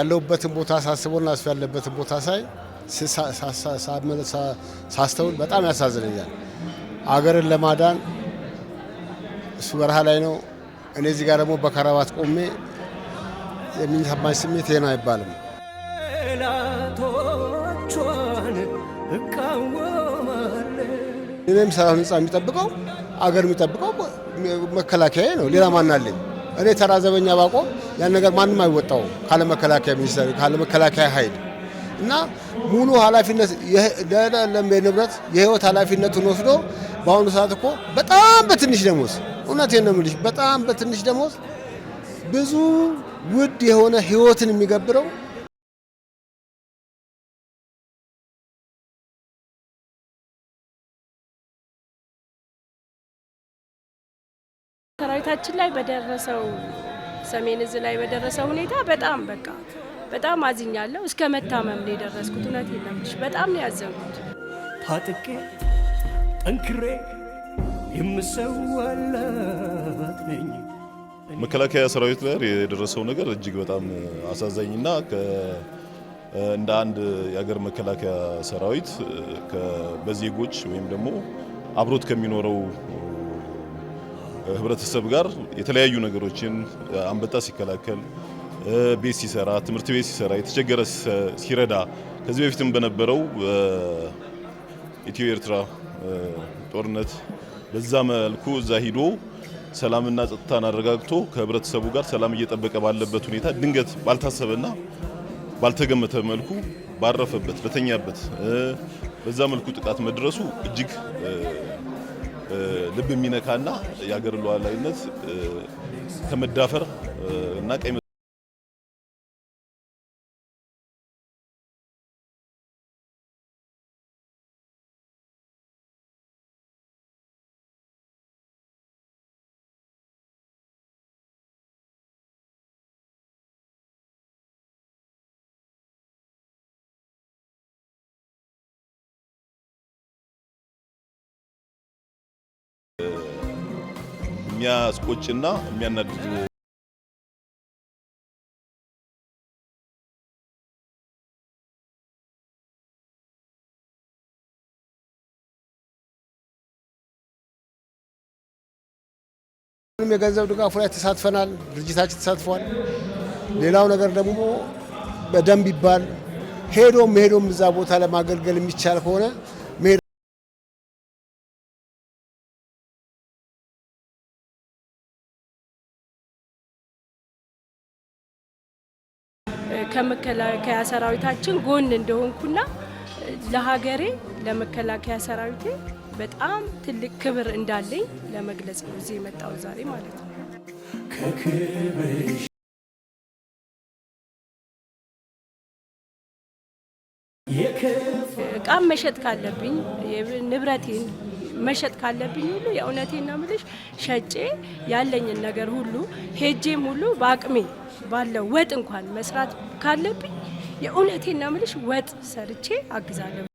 ያለሁበትን ቦታ ሳስቦና እሱ ያለበትን ቦታ ሳይ ሳስተውል በጣም ያሳዝነኛል። አገርን ለማዳን እሱ በረሃ ላይ ነው፣ እኔ እዚህ ጋር ደግሞ በከረባት ቆሜ የሚሰማኝ ስሜት ይህን አይባልም። እኔም ሰላም ህንፃ የሚጠብቀው አገር የሚጠብቀው መከላከያ ነው። ሌላ ማናለኝ? እኔ ተራ ዘበኛ ባቆም ያን ነገር ማንም ካለ መከላከያ ሚኒስቴር ካለመከላከያ ኃይል እና ሙሉ ኃላፊነት ለለም ንብረት የህይወት ኃላፊነቱን ወስዶ በአሁኑ ሰዓት እኮ በጣም በትንሽ ደሞዝ እውነቴን ነው የምልሽ፣ በጣም በትንሽ ደሞዝ ብዙ ውድ የሆነ ህይወትን የሚገብረው ሰራዊታችን ላይ በደረሰው ሰሜን እዝ ላይ በደረሰው ሁኔታ በጣም በቃ በጣም አዝኛለሁ። እስከ መታመም ነው የደረስኩት። እውነት የለምሽ፣ በጣም ነው ያዘንኩት። ታጥቄ ጠንክሬ የምሰዋለት ነኝ። መከላከያ ሰራዊት ላይ የደረሰው ነገር እጅግ በጣም አሳዛኝና እንደ አንድ የሀገር መከላከያ ሰራዊት በዜጎች ወይም ደግሞ አብሮት ከሚኖረው ህብረተሰብ ጋር የተለያዩ ነገሮችን አንበጣ ሲከላከል፣ ቤት ሲሰራ፣ ትምህርት ቤት ሲሰራ፣ የተቸገረ ሲረዳ ከዚህ በፊትም በነበረው ኢትዮ ኤርትራ ጦርነት በዛ መልኩ እዛ ሂዶ ሰላምና ጸጥታን አረጋግቶ ከህብረተሰቡ ጋር ሰላም እየጠበቀ ባለበት ሁኔታ ድንገት ባልታሰበና ባልተገመተ መልኩ ባረፈበት በተኛበት በዛ መልኩ ጥቃት መድረሱ እጅግ ልብ የሚነካና የሀገር ሉዓላዊነት ከመዳፈር እና ቀይ የሚያስቆጭና የሚያናድዱ የገንዘብ ድጋፉ ላይ ተሳትፈናል። ድርጅታችን ተሳትፏል። ሌላው ነገር ደግሞ በደንብ ይባል ሄዶም ሄዶም እዛ ቦታ ለማገልገል የሚቻል ከሆነ ከመከላከያ ሰራዊታችን ጎን እንደሆንኩና ለሀገሬ ለመከላከያ ሰራዊቴ በጣም ትልቅ ክብር እንዳለኝ ለመግለጽ ነው እዚህ የመጣው ዛሬ ማለት ነው። እቃም መሸጥ ካለብኝ ንብረቴን መሸጥ ካለብኝ ሁሉ የእውነቴና ነው የምልሽ ሸጬ ያለኝን ነገር ሁሉ ሄጄም ሁሉ በአቅሜ ባለው ወጥ እንኳን መስራት ካለብኝ የእውነቴና ነው የምልሽ ወጥ ሰርቼ አግዛለሁ።